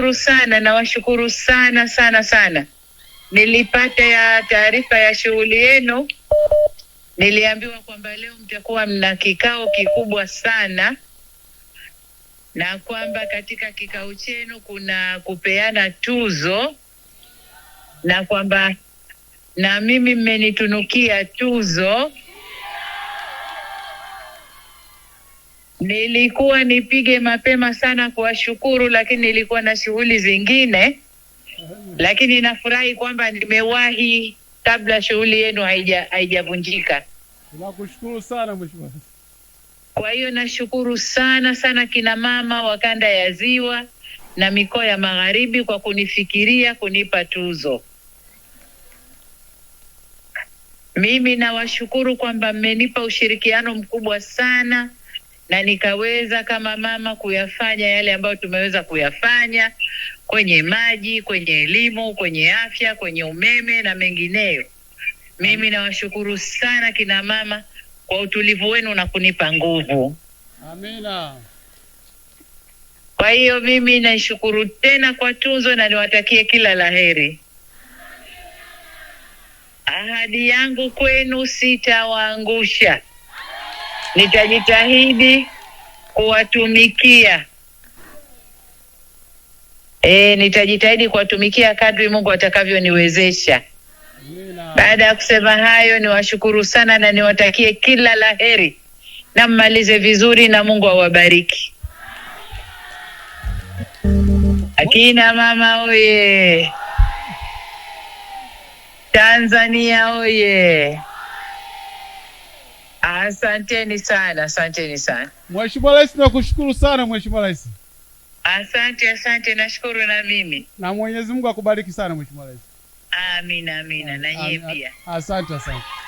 Nawashukuru sana, nawashukuru sana sana sana. Nilipata ya taarifa ya shughuli yenu, niliambiwa kwamba leo mtakuwa mna kikao kikubwa sana na kwamba katika kikao chenu kuna kupeana tuzo na kwamba na mimi mmenitunukia tuzo. Nilikuwa nipige mapema sana kuwashukuru, lakini nilikuwa na shughuli zingine, lakini nafurahi kwamba nimewahi kabla shughuli yenu haijavunjika. Nakushukuru sana Kwa hiyo nashukuru sana sana kina mama wa kanda ya Ziwa na mikoa ya Magharibi kwa kunifikiria kunipa tuzo. Mimi nawashukuru kwamba mmenipa ushirikiano mkubwa sana na nikaweza kama mama kuyafanya yale ambayo tumeweza kuyafanya kwenye maji, kwenye elimu, kwenye afya, kwenye umeme na mengineyo. Mimi nawashukuru sana kina mama kwa utulivu wenu na kunipa nguvu. Amina. Kwa hiyo mimi naishukuru tena kwa tunzo na niwatakie kila laheri. Ahadi yangu kwenu sitawaangusha nitajitahidi kuwatumikia e, nitajitahidi kuwatumikia kadri Mungu atakavyoniwezesha. Baada ya kusema hayo, niwashukuru sana na niwatakie kila la heri na mmalize vizuri na Mungu awabariki akina mama. Oye Tanzania oye! Asanteni sana, asanteni sana. Mheshimiwa Rais, nakushukuru sana Mheshimiwa Rais. Asante, asante, nashukuru na mimi. Na Mwenyezi Mungu akubariki sana Mheshimiwa Rais. Amina, amina, na yeye pia. Asante, asante.